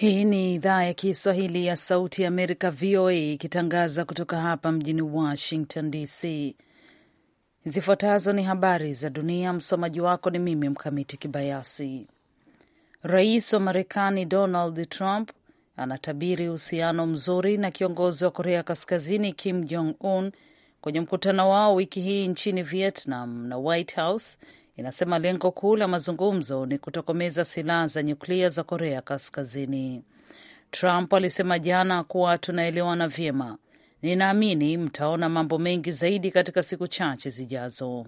Hii ni idhaa ya Kiswahili ya Sauti ya Amerika, VOA, ikitangaza kutoka hapa mjini Washington DC. Zifuatazo ni habari za dunia. Msomaji wako ni mimi Mkamiti Kibayasi. Rais wa Marekani Donald Trump anatabiri uhusiano mzuri na kiongozi wa Korea Kaskazini Kim Jong Un kwenye mkutano wao wiki hii nchini Vietnam, na White House inasema lengo kuu la mazungumzo ni kutokomeza silaha za nyuklia za Korea Kaskazini. Trump alisema jana kuwa tunaelewana vyema, ninaamini mtaona mambo mengi zaidi katika siku chache zijazo.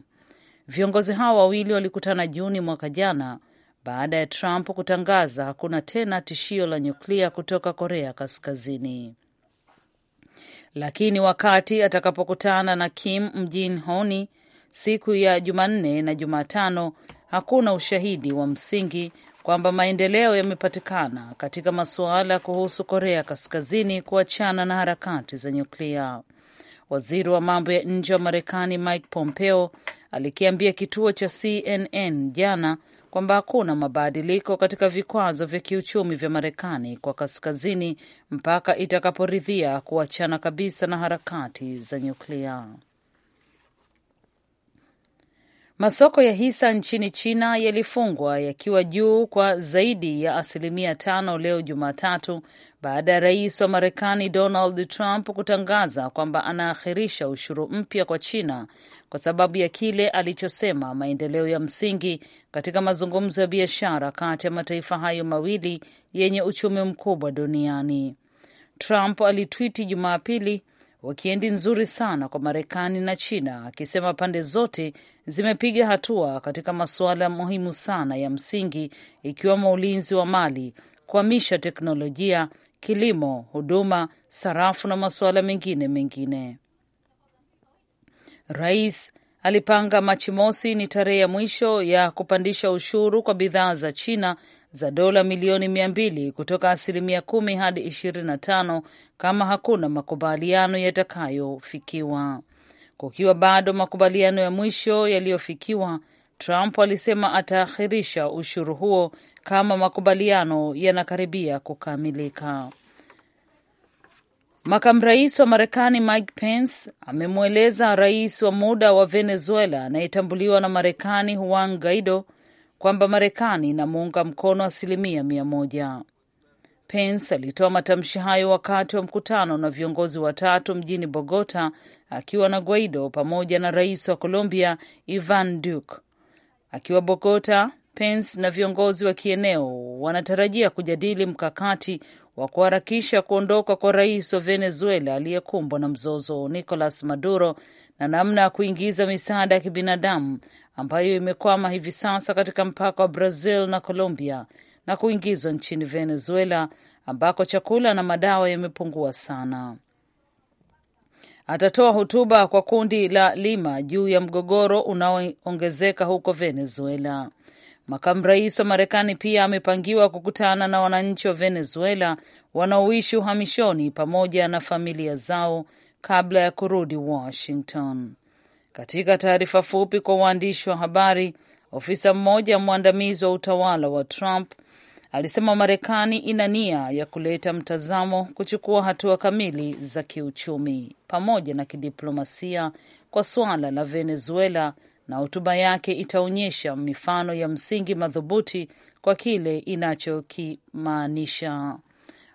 Viongozi hao wawili walikutana Juni mwaka jana baada ya Trump kutangaza hakuna tena tishio la nyuklia kutoka Korea Kaskazini, lakini wakati atakapokutana na Kim mjini Honi siku ya Jumanne na Jumatano, hakuna ushahidi wa msingi kwamba maendeleo yamepatikana katika masuala kuhusu Korea Kaskazini kuachana na harakati za nyuklia. Waziri wa mambo ya nje wa Marekani Mike Pompeo alikiambia kituo cha CNN jana kwamba hakuna mabadiliko katika vikwazo vya kiuchumi vya Marekani kwa Kaskazini mpaka itakaporidhia kuachana kabisa na harakati za nyuklia. Masoko ya hisa nchini China yalifungwa yakiwa juu kwa zaidi ya asilimia tano leo Jumatatu baada ya rais wa Marekani Donald Trump kutangaza kwamba anaakhirisha ushuru mpya kwa China kwa sababu ya kile alichosema maendeleo ya msingi katika mazungumzo ya biashara kati ya mataifa hayo mawili yenye uchumi mkubwa duniani. Trump alitwiti Jumapili wikendi nzuri sana kwa Marekani na China, akisema pande zote zimepiga hatua katika masuala muhimu sana ya msingi, ikiwemo ulinzi wa mali, kuhamisha teknolojia, kilimo, huduma, sarafu na masuala mengine mengine. Rais alipanga Machi mosi ni tarehe ya mwisho ya kupandisha ushuru kwa bidhaa za China za dola milioni mia mbili kutoka asilimia kumi hadi ishirini na tano kama hakuna makubaliano yatakayofikiwa. Kukiwa bado makubaliano ya mwisho yaliyofikiwa, Trump alisema ataahirisha ushuru huo kama makubaliano yanakaribia kukamilika. Makamu rais wa Marekani Mike Pence amemweleza rais wa muda wa Venezuela anayetambuliwa na Marekani Juan Guaido kwamba Marekani inamuunga mkono asilimia mia moja. Pence alitoa matamshi hayo wakati wa mkutano na viongozi watatu mjini Bogota akiwa na Guaido pamoja na rais wa Colombia Ivan Duque. Akiwa Bogota, Pence na viongozi wa kieneo wanatarajia kujadili mkakati wa kuharakisha kuondoka kwa rais wa Venezuela aliyekumbwa na mzozo Nicolas Maduro na namna ya kuingiza misaada ya kibinadamu ambayo imekwama hivi sasa katika mpaka wa Brazil na Colombia na kuingizwa nchini Venezuela ambako chakula na madawa yamepungua sana. Atatoa hotuba kwa kundi la Lima juu ya mgogoro unaoongezeka huko Venezuela. Makamu rais wa Marekani pia amepangiwa kukutana na wananchi wa Venezuela wanaoishi uhamishoni pamoja na familia zao kabla ya kurudi Washington. Katika taarifa fupi kwa waandishi wa habari, ofisa mmoja mwandamizi wa utawala wa Trump alisema Marekani ina nia ya kuleta mtazamo, kuchukua hatua kamili za kiuchumi pamoja na kidiplomasia kwa suala la Venezuela, na hotuba yake itaonyesha mifano ya msingi madhubuti kwa kile inachokimaanisha.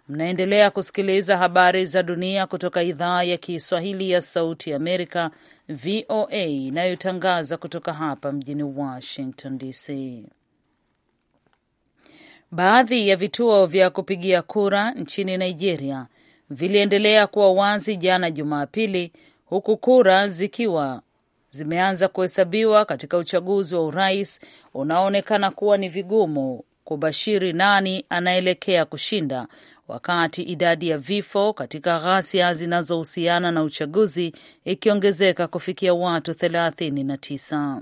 Mnaendelea kusikiliza habari za dunia kutoka idhaa ya Kiswahili ya Sauti Amerika, VOA, inayotangaza kutoka hapa mjini Washington DC. Baadhi ya vituo vya kupigia kura nchini Nigeria viliendelea kuwa wazi jana Jumapili, huku kura zikiwa zimeanza kuhesabiwa katika uchaguzi wa urais unaoonekana kuwa ni vigumu kubashiri nani anaelekea kushinda, wakati idadi ya vifo katika ghasia zinazohusiana na uchaguzi ikiongezeka kufikia watu 39.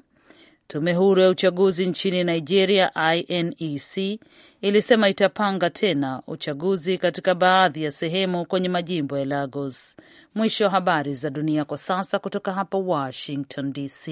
Tume huru ya uchaguzi nchini Nigeria, INEC, ilisema itapanga tena uchaguzi katika baadhi ya sehemu kwenye majimbo ya Lagos. Mwisho wa habari za dunia kwa sasa, kutoka hapa Washington DC.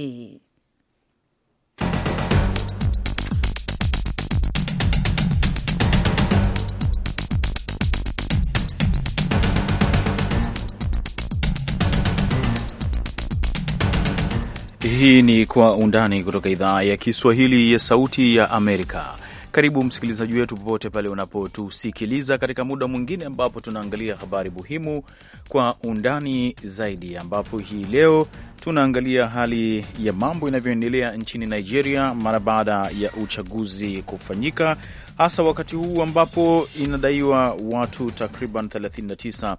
Hii ni Kwa Undani kutoka idhaa ya Kiswahili ya Sauti ya Amerika. Karibu msikilizaji wetu popote pale unapotusikiliza katika muda mwingine ambapo tunaangalia habari muhimu kwa undani zaidi, ambapo hii leo tunaangalia hali ya mambo inavyoendelea nchini Nigeria mara baada ya uchaguzi kufanyika, hasa wakati huu ambapo inadaiwa watu takriban 39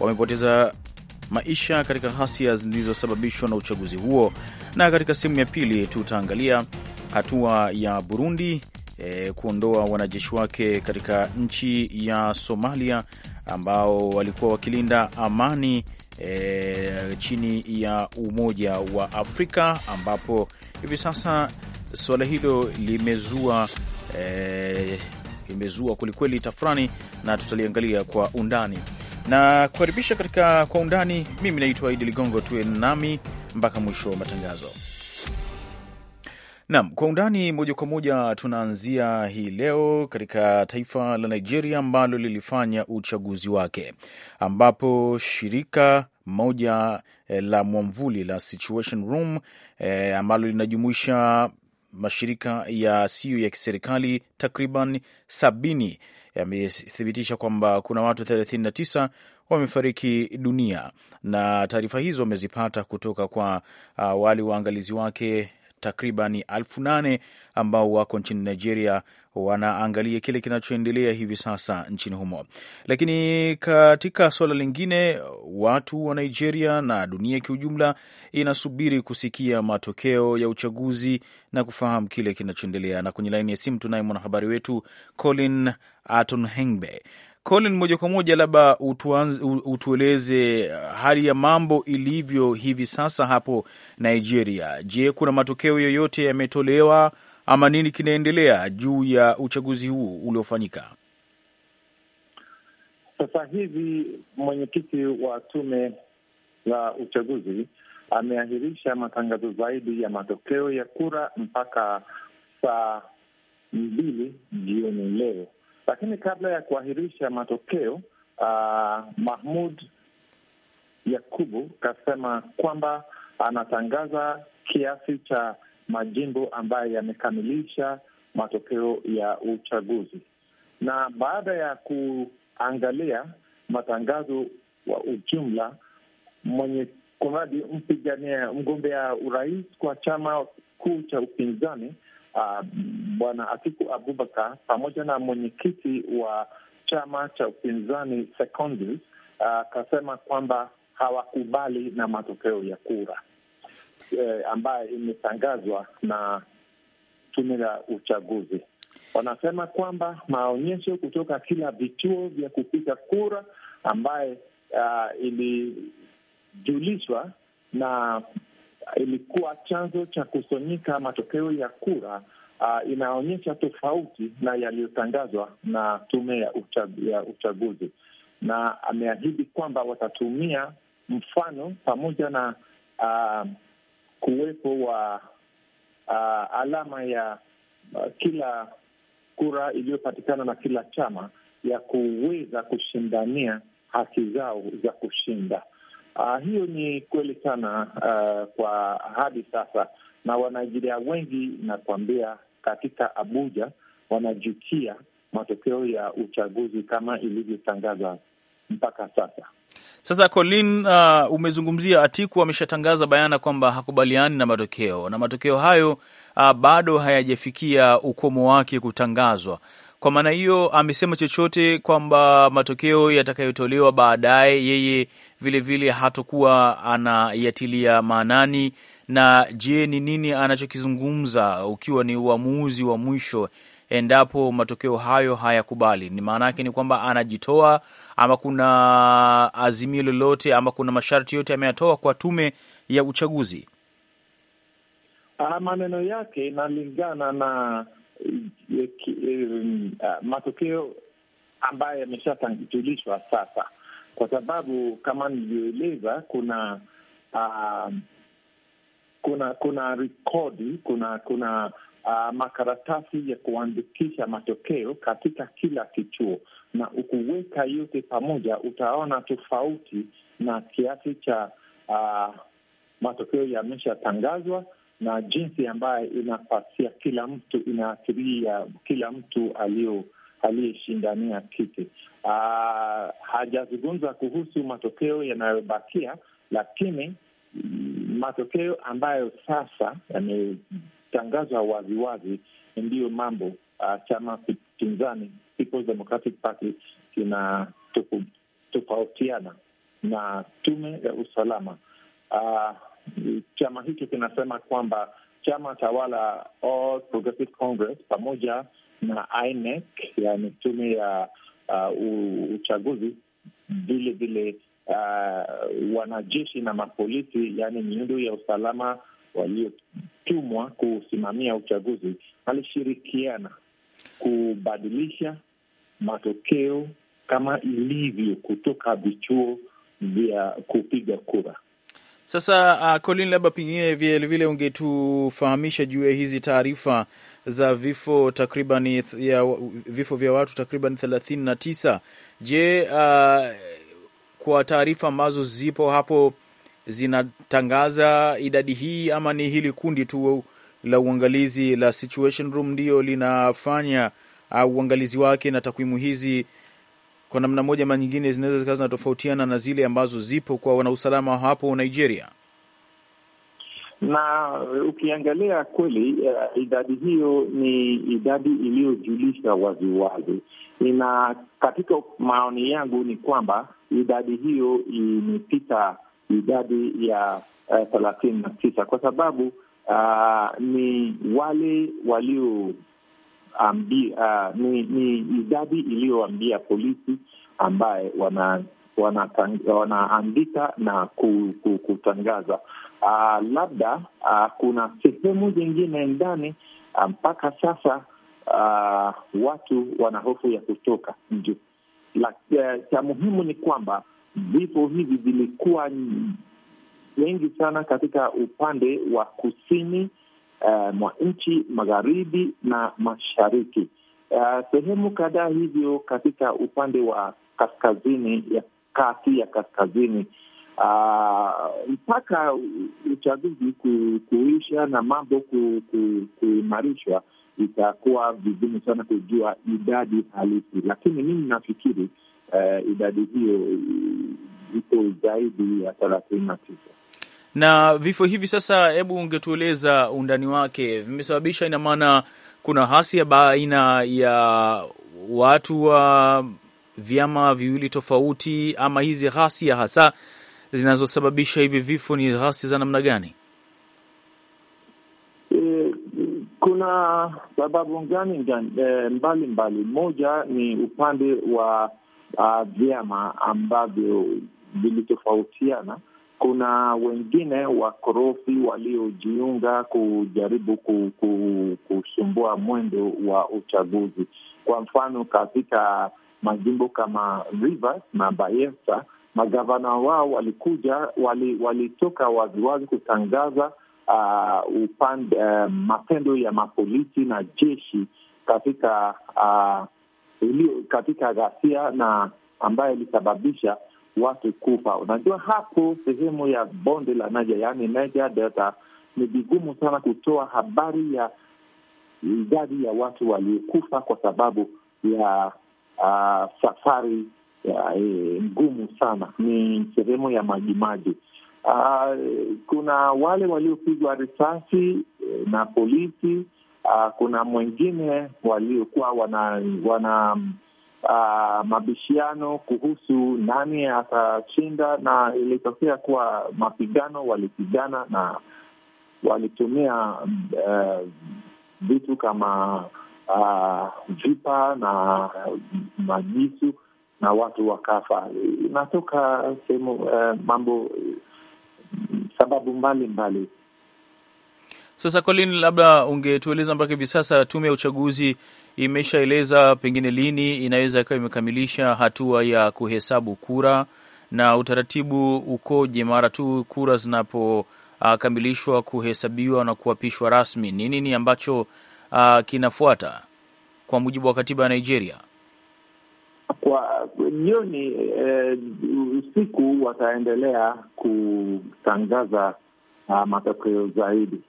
wamepoteza maisha katika ghasia zilizosababishwa na uchaguzi huo, na katika sehemu ya pili tutaangalia hatua ya Burundi e, kuondoa wanajeshi wake katika nchi ya Somalia ambao walikuwa wakilinda amani e, chini ya Umoja wa Afrika ambapo hivi sasa suala hilo limezua e, limezua kwelikweli tafurani na tutaliangalia kwa undani na kukaribisha katika Kwa Undani. Mimi naitwa Idi Ligongo, tuwe nami mpaka mwisho wa matangazo. Naam, kwa undani moja kwa moja tunaanzia hii leo katika taifa la Nigeria ambalo lilifanya uchaguzi wake, ambapo shirika moja eh, la mwamvuli la Situation Room eh, ambalo linajumuisha mashirika yasiyo ya kiserikali takriban sabini yamethibitisha kwamba kuna watu 39 wamefariki dunia, na taarifa hizo wamezipata kutoka kwa uh, wale waangalizi wake takribani elfu nane ambao wako nchini Nigeria wanaangalia kile kinachoendelea hivi sasa nchini humo. Lakini katika suala lingine, watu wa Nigeria na dunia kiujumla inasubiri kusikia matokeo ya uchaguzi na kufahamu kile kinachoendelea. Na kwenye laini ya simu tunaye mwanahabari wetu Colin Aton Hengbe Colin, moja kwa moja labda utueleze uh, hali ya mambo ilivyo hivi sasa hapo Nigeria. Je, kuna matokeo yoyote yametolewa ama nini kinaendelea juu ya uchaguzi huu uliofanyika? Sasa hivi mwenyekiti wa tume la uchaguzi ameahirisha matangazo zaidi ya matokeo ya kura mpaka saa mbili jioni. Lakini kabla ya kuahirisha matokeo uh, ah, Mahmud Yakubu kasema kwamba anatangaza kiasi cha majimbo ambayo yamekamilisha matokeo ya uchaguzi. Na baada ya kuangalia matangazo wa ujumla, mwenye kumradi mpigania mgombea urais kwa chama kuu cha upinzani uh, Bwana Atiku Abubakar pamoja na mwenyekiti wa chama cha upinzani Secondes ah, akasema uh, kwamba hawakubali na matokeo ya kura eh, ambayo imetangazwa na tume ya uchaguzi. Wanasema kwamba maonyesho kutoka kila vituo vya kupiga kura ambaye uh, ilijulishwa na Uh, ilikuwa chanzo cha kusonyika matokeo ya kura uh, inaonyesha tofauti na yaliyotangazwa na tume ya, uchaguzi, na ameahidi kwamba watatumia mfano pamoja na uh, kuwepo wa uh, alama ya uh, kila kura iliyopatikana na kila chama ya kuweza kushindania haki zao za kushinda. Uh, hiyo ni kweli sana uh, kwa hadi sasa, na Wanaijeria wengi nakuambia, katika Abuja wanajukia matokeo ya uchaguzi kama ilivyotangazwa mpaka sasa. Sasa Colin, uh, umezungumzia Atiku ameshatangaza bayana kwamba hakubaliani na matokeo na matokeo hayo uh, bado hayajafikia ukomo wake kutangazwa. Kwa maana hiyo amesema chochote kwamba matokeo yatakayotolewa baadaye yeye vilevile hatokuwa anayatilia maanani. Na je, ni nini anachokizungumza ukiwa ni uamuzi wa mwisho endapo matokeo hayo hayakubali? Ni maana yake ni kwamba anajitoa, ama kuna azimio lolote, ama kuna masharti yote ameyatoa kwa tume ya uchaguzi? Ah, maneno yake inalingana na eh, eh, matokeo ambayo yameshatangulishwa sasa kwa sababu kama nilivyoeleza, kuna uh, kuna kuna rekodi, kuna kuna uh, makaratasi ya kuandikisha matokeo katika kila kichuo, na ukuweka yote pamoja utaona tofauti na kiasi cha uh, matokeo yameshatangazwa na jinsi ambayo inapasia kila mtu inaathiria kila mtu aliyo aliyeshindania kiti. Ah, hajazungumza kuhusu matokeo yanayobakia, lakini matokeo ambayo sasa yametangazwa waziwazi ndiyo mambo uh, chama pinzani People's Democratic Party na tume ya usalama. Uh, chama hicho kinasema kwamba chama tawala All Progressive Congress pamoja na INEC, yani tume ya uh, uchaguzi vile vile uh, wanajeshi na mapolisi, yani miundo ya usalama waliotumwa kusimamia uchaguzi walishirikiana kubadilisha matokeo kama ilivyo kutoka vichuo vya kupiga kura. Sasa uh, Colin, labda pengine vilevile ungetufahamisha juu ya hizi taarifa za vifo takriban ya vifo vya watu takriban thelathini na tisa. Je, uh, kwa taarifa ambazo zipo hapo zinatangaza idadi hii ama ni hili kundi tu la uangalizi la Situation Room linafanya uh, uangalizi wake na takwimu hizi kwa namna moja ama nyingine zinaweza zikawa zinatofautiana na zile ambazo zipo kwa wanausalama hapo Nigeria na ukiangalia kweli uh, idadi hiyo ni idadi iliyojulisha waziwazi. Ina katika maoni yangu ni kwamba idadi hiyo imepita idadi ya eh, thelathini uh, na tisa kwa sababu uh, ni wale walio ambi, uh, ni, ni idadi iliyoambia polisi ambaye wana wanaandika wana na kutangaza uh, labda uh, kuna sehemu zingine ndani mpaka um, sasa uh, watu wana hofu ya kutoka nje. Eh, cha muhimu ni kwamba vifo hivi vilikuwa wengi sana katika upande wa kusini Eh, mwa nchi magharibi na mashariki, eh, sehemu kadhaa hivyo katika upande wa kaskazini ya kati ya kaskazini ah, mpaka uh, uchaguzi kuisha na mambo kuimarishwa ku, itakuwa vigumu sana kujua idadi halisi, lakini mimi nafikiri uh, idadi hiyo iko zaidi ya thelathini na tisa. Na vifo hivi sasa, hebu ungetueleza undani wake, vimesababisha, ina maana kuna hasia baina ya watu wa vyama viwili tofauti, ama hizi ghasia hasa zinazosababisha hivi vifo ni ghasia za namna gani? E, kuna sababu gani mbalimbali e, mbali. Moja ni upande wa uh, vyama ambavyo vilitofautiana kuna wengine wakorofi waliojiunga kujaribu kusumbua mwendo wa uchaguzi. Kwa mfano, katika majimbo kama Rivers na Bayelsa, magavana wao walikuja, walitoka wali waziwazi kutangaza uh, upande uh, matendo ya mapolisi na jeshi katika uh, katika ghasia na ambayo ilisababisha watu kufa. Unajua hapo sehemu ya bonde la Naja, yaani Naja Delta, ni vigumu sana kutoa habari ya idadi ya watu waliokufa kwa sababu ya uh, safari eh, ngumu e, sana. Ni sehemu ya majimaji. Uh, kuna wale waliopigwa risasi eh, na polisi. Uh, kuna mwengine waliokuwa wana, wana uh, ah, mabishiano kuhusu nani atashinda, na ilitokea kuwa mapigano, walipigana na walitumia uh, vitu kama uh, vipa na majisu na watu wakafa. Inatoka sehemu uh, mambo sababu mbalimbali mbali. Sasa Colin, labda ungetueleza mpaka hivi sasa tume ya uchaguzi imeshaeleza pengine lini inaweza ikawa imekamilisha hatua ya kuhesabu kura na utaratibu ukoje mara tu kura zinapokamilishwa kuhesabiwa na kuapishwa rasmi? Ni nini ambacho uh, kinafuata kwa mujibu wa katiba ya Nigeria? Kwa jioni eh, usiku wataendelea kutangaza uh, matokeo zaidi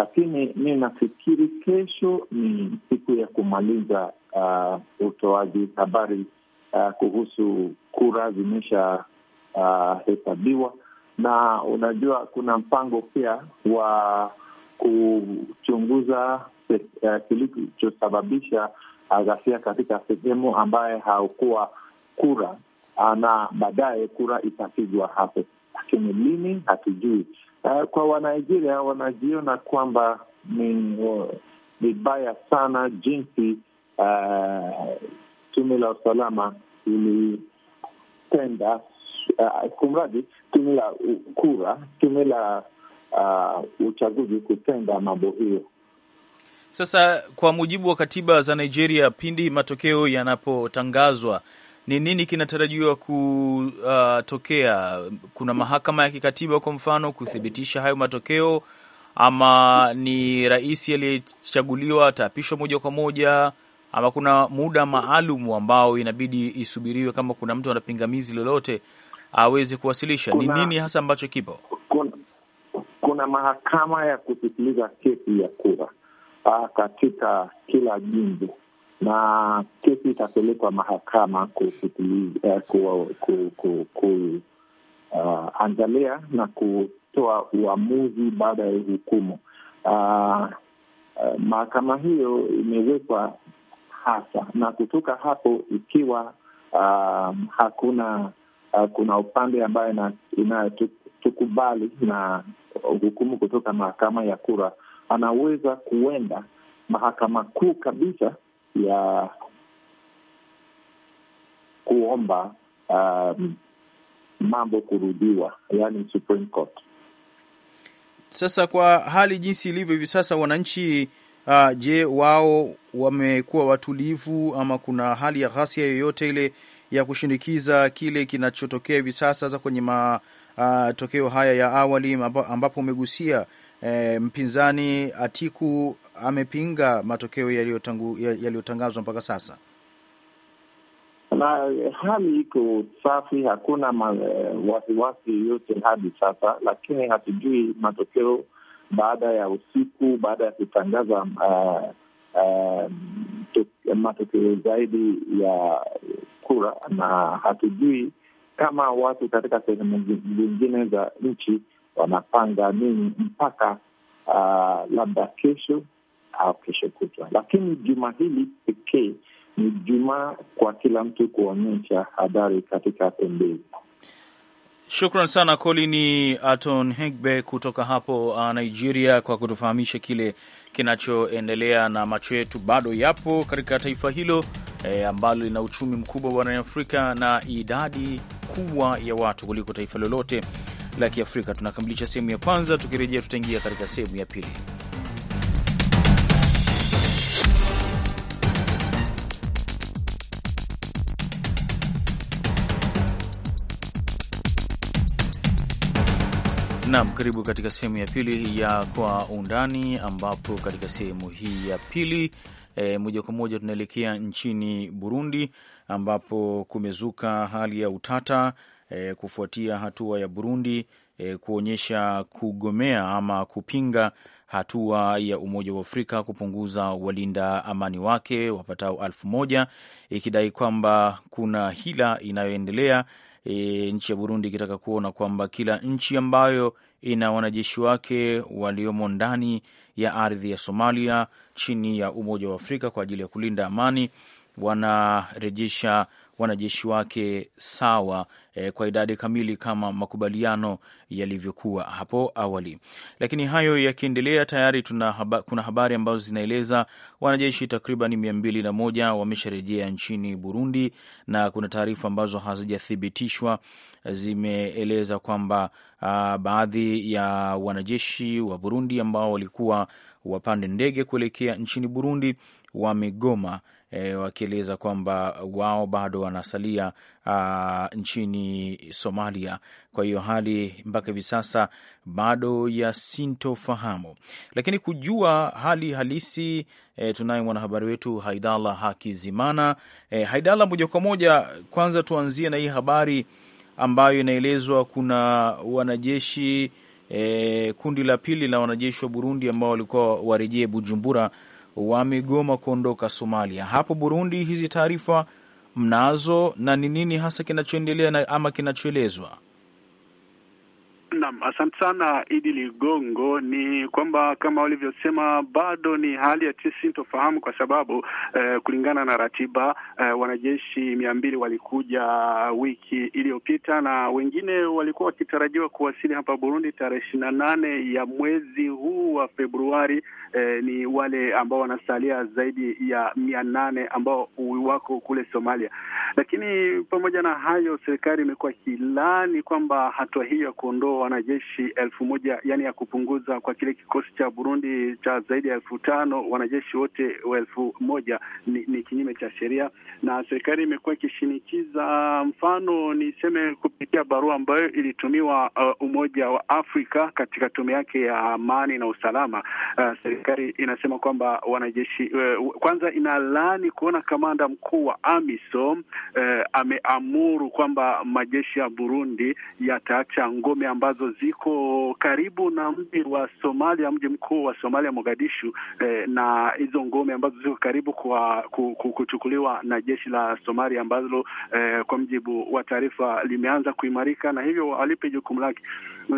lakini mi nafikiri kesho ni siku ya kumaliza uh, utoaji habari uh, kuhusu kura zimeshahesabiwa uh, na unajua kuna mpango pia wa kuchunguza uh, kilichosababisha uh, ghasia katika sehemu ambaye haukuwa kura na baadaye kura itapigwa hapo, lakini lini hatujui. Uh, kwa Wanigeria wanajiona kwamba ni vibaya sana jinsi uh, ah, tume la usalama ilitenda uh, ah, kumradi tume la kura, tume la uh, uchaguzi kutenda mambo hiyo. Sasa kwa mujibu wa katiba za Nigeria, pindi matokeo yanapotangazwa ni nini kinatarajiwa kutokea? Uh, kuna mahakama ya kikatiba kwa mfano kuthibitisha hayo matokeo, ama ni rais aliyechaguliwa ataapishwa moja kwa moja, ama kuna muda maalum ambao inabidi isubiriwe, kama kuna mtu ana pingamizi lolote aweze kuwasilisha? Ni nini hasa ambacho kipo? Kuna, kuna mahakama ya kusikiliza kesi ya kura ah, katika kila jimbo na kesi itapelekwa mahakama eh, ku, uh, na kutoa uamuzi baada ya hukumu. Uh, uh, mahakama hiyo imewekwa hasa na kutoka hapo, ikiwa uh, hakuna uh, kuna upande ambayo inayotukubali na hukumu kutoka mahakama ya kura, anaweza kuenda mahakama kuu kabisa ya kuomba um, mambo kurudiwa, yani Supreme Court. Sasa kwa hali jinsi ilivyo hivi sasa, wananchi uh, je, wao wamekuwa watulivu ama kuna hali ya ghasia yoyote ile ya kushinikiza kile kinachotokea hivi sasa, sasa kwenye matokeo uh, haya ya awali ambapo umegusia E, mpinzani Atiku amepinga matokeo yaliyotangazwa mpaka sasa, na eh, hali iko safi, hakuna eh, wasiwasi yote hadi sasa, lakini hatujui matokeo baada ya usiku, baada ya kutangaza uh, uh, matokeo zaidi ya kura, na hatujui kama watu katika sehemu zingine za nchi wanapanga nini mpaka uh, labda kesho au kesho kutwa, lakini juma hili pekee ni juma kwa kila mtu kuonyesha habari katika pembeni. Shukran sana Colini Aton Hegbe kutoka hapo uh, Nigeria kwa kutufahamisha kile kinachoendelea, na macho yetu bado yapo katika taifa hilo e, ambalo lina uchumi mkubwa barani Afrika na idadi kubwa ya watu kuliko taifa lolote la Kiafrika. Tunakamilisha sehemu ya kwanza, tukirejea tutaingia katika sehemu ya pili. Nam, karibu katika sehemu ya pili ya Kwa Undani, ambapo katika sehemu hii ya pili e, moja kwa moja tunaelekea nchini Burundi ambapo kumezuka hali ya utata e, kufuatia hatua ya Burundi e, kuonyesha kugomea ama kupinga hatua ya Umoja wa Afrika kupunguza walinda amani wake wapatao elfu moja ikidai kwamba kuna hila inayoendelea e, nchi ya Burundi ikitaka kuona kwamba kila nchi ambayo ina wanajeshi wake waliomo ndani ya ardhi ya Somalia chini ya Umoja wa Afrika kwa ajili ya kulinda amani wanarejesha wanajeshi wake sawa eh, kwa idadi kamili kama makubaliano yalivyokuwa hapo awali. Lakini hayo yakiendelea, tayari tuna haba, kuna habari ambazo zinaeleza wanajeshi takriban mia mbili na moja wamesharejea nchini Burundi, na kuna taarifa ambazo hazijathibitishwa zimeeleza kwamba ah, baadhi ya wanajeshi wa Burundi ambao walikuwa wapande ndege kuelekea nchini Burundi wamegoma e, wakieleza kwamba wao bado wanasalia a, nchini Somalia. Kwa hiyo hali mpaka hivi sasa bado ya sintofahamu, lakini kujua hali halisi e, tunaye mwanahabari wetu Haidala Hakizimana. E, Haidala, moja kwa moja, kwanza tuanzie na hii habari ambayo inaelezwa kuna wanajeshi E, kundi la pili la wanajeshi wa Burundi ambao walikuwa warejee Bujumbura wamegoma kuondoka Somalia. Hapo Burundi hizi taarifa mnazo, na ni nini hasa kinachoendelea ama kinachoelezwa? Naam, asante sana Idi Ligongo. Ni kwamba kama walivyosema bado ni hali ya tofahamu, kwa sababu eh, kulingana na ratiba eh, wanajeshi mia mbili walikuja wiki iliyopita na wengine walikuwa wakitarajiwa kuwasili hapa Burundi tarehe ishirini na nane ya mwezi huu wa Februari. Eh, ni wale ambao wanasalia zaidi ya mia nane ambao wako kule Somalia. Lakini pamoja na hayo, serikali imekuwa ikilani kwamba hatua hii ya kuondoa wanajeshi elfu moja yani ya kupunguza kwa kile kikosi cha Burundi cha zaidi ya elfu tano wanajeshi wote wa elfu moja ni, ni kinyume cha sheria, na serikali imekuwa ikishinikiza. Mfano niseme kupitia barua ambayo ilitumiwa uh, Umoja wa Afrika katika tume yake ya amani na usalama uh, serikali inasema kwamba wanajeshi uh, kwanza inalaani kuona kamanda mkuu wa AMISOM uh, ameamuru kwamba majeshi ya Burundi yataacha ngome ambazo ambazo ziko karibu na mji wa Somalia, mji mkuu wa Somalia Mogadishu, eh, na hizo ngome ambazo ziko karibu kwa kuchukuliwa na jeshi la Somalia ambalo eh, kwa mjibu wa taarifa limeanza kuimarika na hivyo alipe jukumu lake.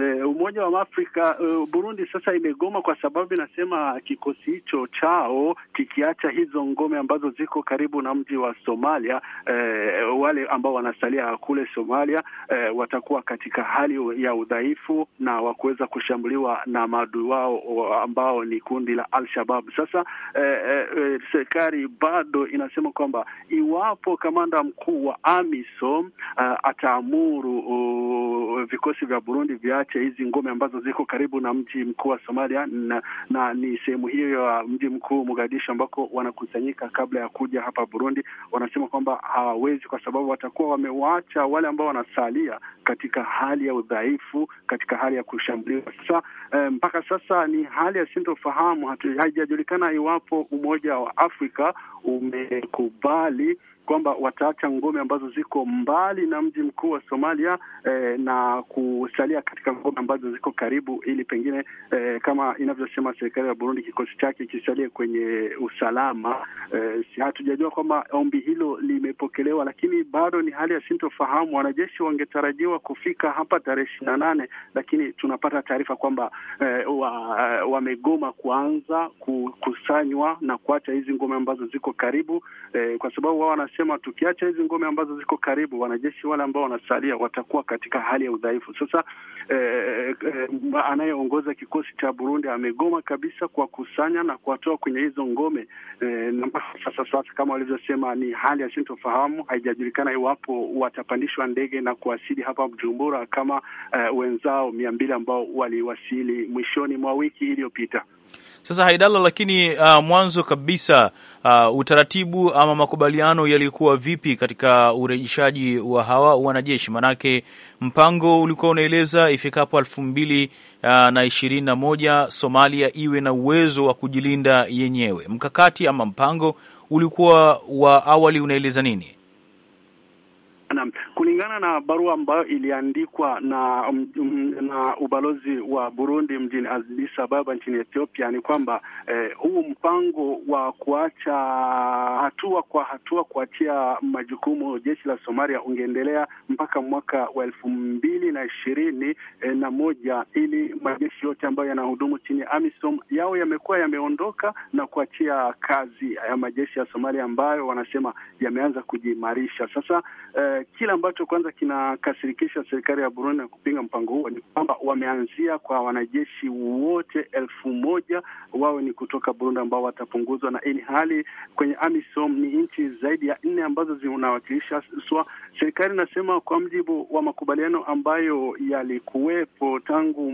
Eh, Umoja wa Afrika eh, Burundi sasa imegoma kwa sababu inasema kikosi hicho chao kikiacha hizo ngome ambazo ziko karibu na mji wa Somalia eh, wale ambao wanasalia kule Somalia eh, watakuwa katika hali ya udhaifu udhaifu na wa kuweza kushambuliwa na maadui wao ambao ni kundi la Al-Shabab. Sasa eh, eh, eh, serikali bado inasema kwamba iwapo kamanda mkuu wa AMISOM uh, ataamuru uh, vikosi vya Burundi viache hizi ngome ambazo ziko karibu na mji mkuu wa Somalia na, na ni sehemu hiyo ya mji mkuu Mogadishu ambako wanakusanyika kabla ya kuja hapa Burundi, wanasema kwamba hawawezi kwa sababu watakuwa wamewaacha wale ambao wanasalia katika hali ya udhaifu katika hali ya kushambuliwa. Sasa eh, mpaka um, sasa ni hali ya sintofahamu, haijajulikana iwapo Umoja wa Afrika umekubali kwamba wataacha ngome ambazo ziko mbali na mji mkuu wa Somalia eh, na kusalia katika ngome ambazo ziko karibu, ili pengine eh, kama inavyosema serikali ya Burundi, kikosi chake kisalie kwenye usalama eh, si hatujajua kwamba ombi hilo limepokelewa, lakini bado ni hali ya sintofahamu. Wanajeshi wangetarajiwa kufika hapa tarehe ishirini na nane nane, lakini tunapata taarifa kwamba eh, wamegoma kuanza kukusanywa na kuacha hizi ngome ambazo ziko karibu eh, kwa sababu wao wanasema tukiacha hizi ngome ambazo ziko karibu, wanajeshi wale ambao wanasalia watakuwa katika hali ya udhaifu. Sasa eh, eh, anayeongoza kikosi cha Burundi amegoma kabisa kuwakusanya na kuwatoa kwenye hizo ngome eh, na sasa sasa, kama walivyosema, ni hali ya sintofahamu. Haijajulikana iwapo watapandishwa ndege na kuwasili hapa Bujumbura kama eh, wenzao mia mbili ambao waliwasili mwishoni mwa wiki iliyopita. Sasa Haidala, lakini uh, mwanzo kabisa uh, utaratibu ama makubaliano yalikuwa vipi katika urejeshaji wa hawa wanajeshi? Manake mpango ulikuwa unaeleza ifikapo elfu mbili uh, na ishirini na moja Somalia iwe na uwezo wa kujilinda yenyewe. Mkakati ama mpango ulikuwa wa awali unaeleza nini? Naam, Kulingana na barua ambayo iliandikwa na, um, na ubalozi wa Burundi mjini Addis Ababa nchini Ethiopia ni kwamba eh, huu mpango wa kuacha hatua kwa hatua kuachia majukumu jeshi la Somalia ungeendelea mpaka mwaka wa elfu mbili na ishirini eh, na moja ili majeshi yote ambayo yanahudumu chini ya AMISOM yao yamekuwa yameondoka na kuachia kazi ya majeshi ya Somalia ambayo wanasema yameanza kujiimarisha sasa eh, kila ambacho kwanza kinakasirikisha serikali ya Burundi na kupinga mpango huo ni kwamba wameanzia kwa wanajeshi wote elfu moja wawe ni kutoka Burundi ambao watapunguzwa, na hii hali kwenye AMISOM ni nchi zaidi ya nne ambazo zinawakilisha swa Serikali inasema kwa mjibu wa makubaliano ambayo yalikuwepo tangu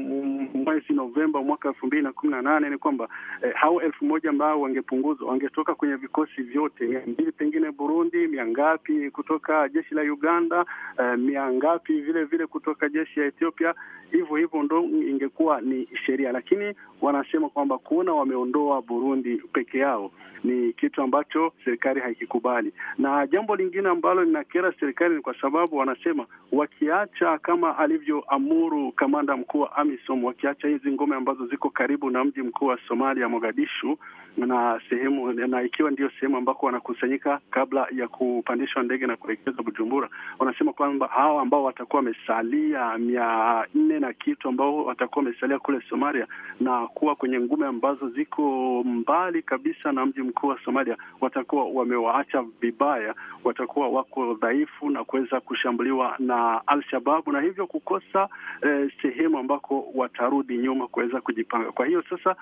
mwezi Novemba mwaka elfu mbili na kumi na nane ni kwamba eh, hao elfu moja ambao wangepunguzwa wangetoka kwenye vikosi vyote mia mbili pengine Burundi, mia ngapi kutoka jeshi la Uganda, eh, mia ngapi vile vile kutoka jeshi ya Ethiopia. Hivyo hivyo ndo ingekuwa ni sheria, lakini wanasema kwamba kuona wameondoa Burundi peke yao ni kitu ambacho serikali haikikubali, na jambo lingine ambalo linakera serikali serikali ni kwa sababu wanasema wakiacha kama alivyoamuru kamanda mkuu wa AMISOM, wakiacha hizi ngome ambazo ziko karibu na mji mkuu wa Somalia, Mogadishu, na sehemu na ikiwa ndio sehemu ambako wanakusanyika kabla ya kupandishwa ndege na kuelekezwa Bujumbura, wanasema kwamba hawa ambao watakuwa wamesalia mia nne na kitu ambao watakuwa wamesalia kule Somalia na kuwa kwenye ngume ambazo ziko mbali kabisa na mji mkuu wa Somalia, watakuwa wamewaacha vibaya, watakuwa wako dhaifu na kuweza kushambuliwa na alshababu na hivyo kukosa eh, sehemu ambako watarudi nyuma kuweza kujipanga. Kwa hiyo sasa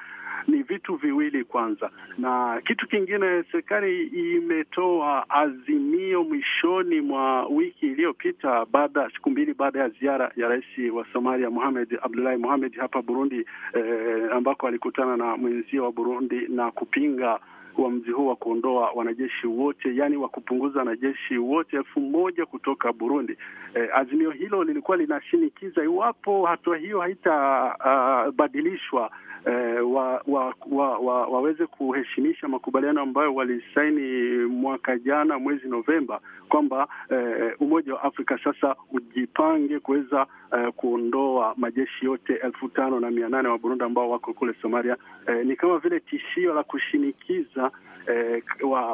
ni vitu viwili kwanza, na kitu kingine, serikali imetoa azimio mwishoni mwa wiki iliyopita, baada siku mbili baada ya ziara ya rais wa Somalia Mohamed Abdullahi Mohamed hapa Burundi eh, ambako alikutana na mwenzio wa Burundi na kupinga wa mji huu wa kuondoa wanajeshi wote, yani wa kupunguza wanajeshi wote elfu moja kutoka Burundi. E, azimio hilo lilikuwa linashinikiza iwapo hatua hiyo haitabadilishwa, eh, wa, wa, wa, wa, waweze kuheshimisha makubaliano ambayo walisaini mwaka jana mwezi Novemba kwamba eh, Umoja wa Afrika sasa ujipange kuweza eh, kuondoa majeshi yote elfu tano na mia nane wa Burundi ambao wako kule Somalia. Eh, ni kama vile tishio la kushinikiza eh,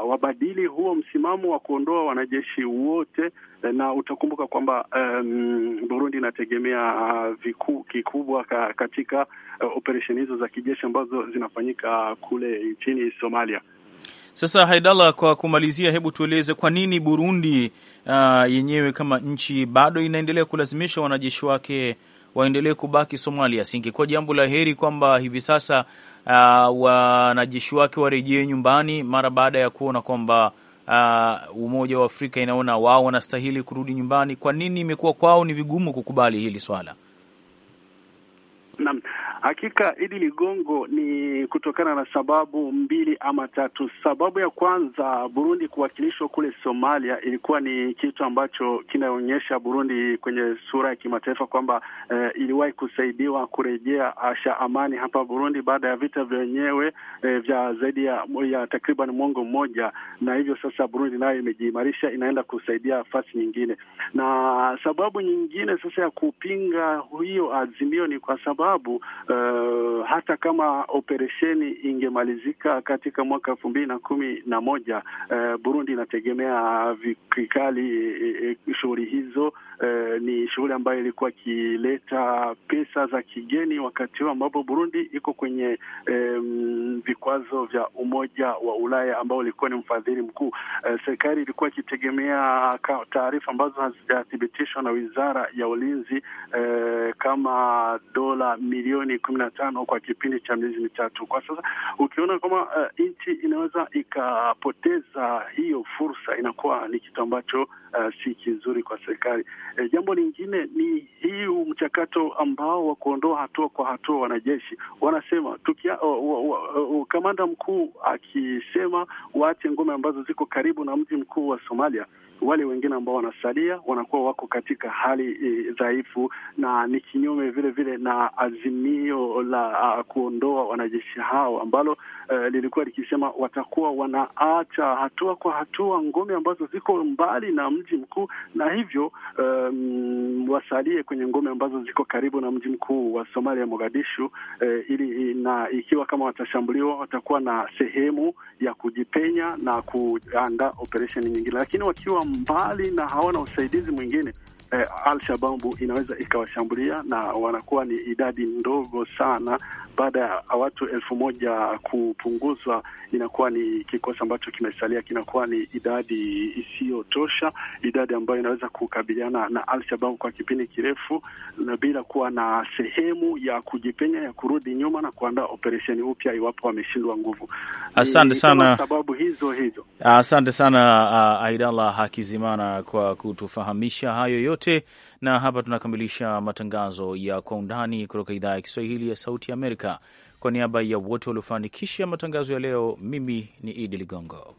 wabadili wa huo msimamo wa kuondoa wanajeshi wote na utakumbuka kwamba um, Burundi inategemea uh, viku, kikubwa ka, katika uh, operesheni hizo za kijeshi ambazo zinafanyika kule nchini Somalia. Sasa Haidala, kwa kumalizia, hebu tueleze kwa nini Burundi uh, yenyewe kama nchi bado inaendelea kulazimisha wanajeshi wake waendelee kubaki Somalia. Singekuwa jambo la heri kwamba hivi sasa uh, wanajeshi wake warejee nyumbani mara baada ya kuona kwamba uh, Umoja wa Afrika inaona wao wanastahili kurudi nyumbani. Kwa nini imekuwa kwao ni vigumu kukubali hili swala? Naam, Hakika hili Ligongo, ni kutokana na sababu mbili ama tatu. Sababu ya kwanza, Burundi kuwakilishwa kule Somalia ilikuwa ni kitu ambacho kinaonyesha Burundi kwenye sura ya kimataifa kwamba eh, iliwahi kusaidiwa kurejea asha amani hapa Burundi baada ya vita vyenyewe eh, vya zaidi ya, ya takriban mwongo mmoja, na hivyo sasa Burundi nayo imejiimarisha, inaenda kusaidia fasi nyingine. Na sababu nyingine sasa ya kupinga hiyo azimio ni kwa sababu Uh, hata kama operesheni ingemalizika katika mwaka elfu mbili na kumi na moja uh, Burundi inategemea vikali eh, shughuli hizo uh, ni shughuli ambayo ilikuwa ikileta pesa za kigeni wakati huo ambapo Burundi iko kwenye vikwazo vya Umoja wa Ulaya ambao ulikuwa ni mfadhili mkuu. Uh, serikali ilikuwa ikitegemea taarifa ambazo hazijathibitishwa na Wizara ya Ulinzi uh, kama dola milioni kumi na tano kwa kipindi cha miezi mitatu. Kwa sasa ukiona kama uh, nchi inaweza ikapoteza hiyo fursa, inakuwa ni kitu ambacho uh, si kizuri kwa serikali. E, jambo lingine ni hii mchakato ambao wa kuondoa hatua kwa hatua wanajeshi. Wanasema tukia, uh, uh, uh, uh, kamanda mkuu akisema waache ngome ambazo ziko karibu na mji mkuu wa Somalia wale wengine ambao wanasalia wanakuwa wako katika hali e, dhaifu, na ni kinyume vile vile na azimio la a, kuondoa wanajeshi hao ambalo e, lilikuwa likisema watakuwa wanaacha hatua kwa hatua ngome ambazo ziko mbali na mji mkuu, na hivyo um, wasalie kwenye ngome ambazo ziko karibu na mji mkuu wa Somalia, Mogadishu e, ili na ikiwa kama watashambuliwa watakuwa na sehemu ya kujipenya na kuanda operesheni nyingine, lakini wakiwa mbali na hawana usaidizi mwingine, eh, Al-Shababu inaweza ikawashambulia na wanakuwa ni idadi ndogo sana. Baada ya watu elfu moja kupunguzwa, inakuwa ni kikosi ambacho kimesalia kinakuwa ni idadi isiyotosha, idadi ambayo inaweza kukabiliana na Al-Shababu kwa kipindi kirefu, na bila kuwa na sehemu ya kujipenya ya kurudi nyuma na kuandaa operesheni upya iwapo wameshindwa nguvu. Asante sana, sababu hizo hizo. Asante sana, uh, Aidallah Hakizimana kwa kutufahamisha hayo yote wote, na hapa tunakamilisha matangazo ya Kwa Undani kutoka idhaa ya Kiswahili ya Sauti ya Amerika. Kwa niaba ya wote waliofanikisha matangazo ya leo, mimi ni Idi Ligongo.